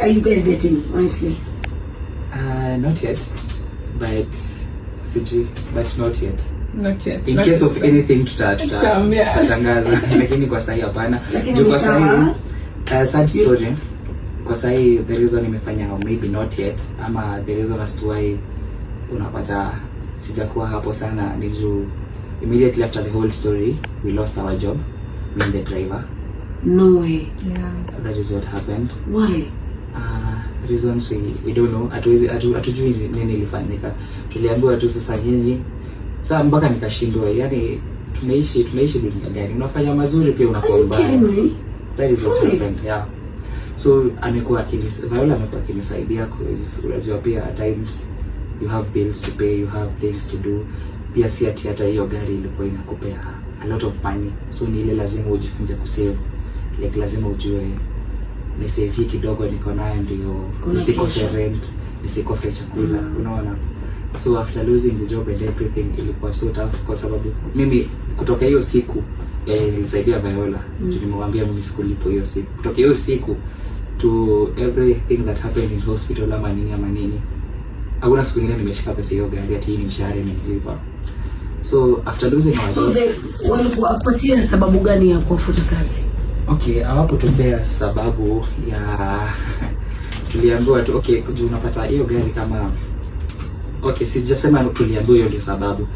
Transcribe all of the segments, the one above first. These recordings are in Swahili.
Are you guys dating, honestly? Uh, not yet, but sijui, but not yet. Not yet. In not case yet. of anything tuta tutatangaza lakini kwa sahi hapana. Juu kwa sahi uh, sad story. Kwa sahi the reason nimefanya maybe not yet ama the reason as to why unapata sijakuwa hapo sana ni juu immediately after the whole story we lost our job me and the driver. No way. Yeah. That is what happened. Why? uh, reasons we, we don't know, atuwezi hatuwezi hatujui nini ilifanyika. Tuliambiwa tu sasa nyinyi sasa, mpaka nikashindwa. Yani tunaishi tunaishi dunia gani? Unafanya mazuri pia unakuwa mbaya. That is what happened, yeah. So amekuwa akinis Viola amekuwa akinisaidia kwa unajua pia at times you have bills to pay, you have things to do. Pia si ati hata hiyo gari ilikuwa inakupea a lot of money, so ni ile lazima ujifunze kusave, like lazima ujue nisefi kidogo niko nayo ndio nisikose rent, nisikose chakula mm. Unaona, so after losing the job and everything ilikuwa so tough, kwa sababu mimi kutoka hiyo siku eh, nilisaidia Viola mm. Nimemwambia mimi sikulipo hiyo siku, kutoka hiyo siku to everything that happened in hospital ama nini ama nini, hakuna siku nyingine nimeshika pesa hiyo gari ati ni mshahara imenilipa. So after losing my so job, they, walikuwa wapatia sababu gani ya kuwafuta kazi? Okay, hawakutupea sababu ya tuliambiwa tu okay, juu unapata hiyo gari kama okay, sijasema tuliambiwa hiyo ndio sababu,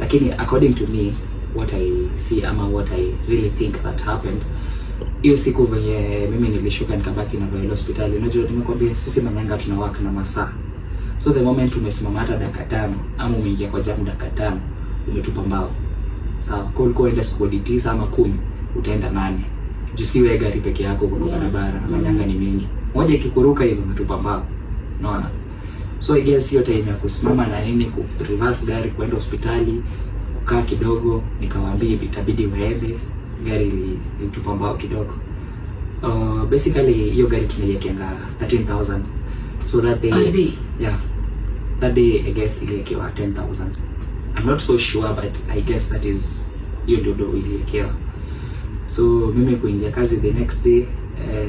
lakini according to me what I see ama what I really think that happened hiyo siku venye mimi nilishuka nikabaki na Viola hospitali, unajua nimekwambia sisi manyanga tuna work na masaa, so the moment umesimama hata dakika tano ama umeingia kwa jamu dakika tano umetupa mbao sawa. Kwa ulikuwa uenda squad tisa ama kumi utaenda nane Tusiwe gari peke yako, kuna yeah. barabara manyanga ni mingi, moja ikikuruka hivi mtupa mbao, unaona. So I guess hiyo time ya kusimama na nini ku reverse gari kwenda hospitali kukaa kidogo, nikamwambia itabidi waende, gari mtupa mbao kidogo. Uh, basically hiyo gari tunaiwekenga 13000 so that day Abi. yeah that day I guess iliwekewa 10000 I'm not so sure but I guess that is hiyo ndio ndio iliwekewa So mimi kuingia kazi the next day eh,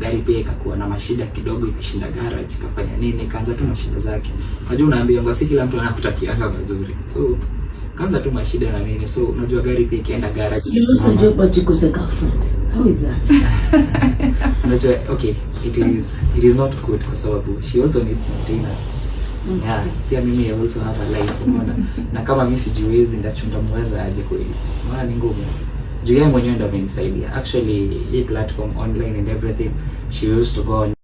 gari pia ikakuwa na mashida kidogo, ikashinda garage, ikafanya nini, kaanza tu mashida zake. Unajua, unaambia ngo si kila mtu anakutakianga mazuri, so kaanza tu mashida na nini, so unajua gari pia ikaenda garage. You lose a job but you got a girlfriend, how is that? Unajua, okay, it is it is not good kwa sababu she also needs maintenance mm. Yeah, pia mimi I also have a life unaona, na kama mimi sijiwezi, ndachunda mweza aje kweli, maana ni ngumu juu yeye mwenyewe ndo amenisaidia actually hii platform online and everything she used to go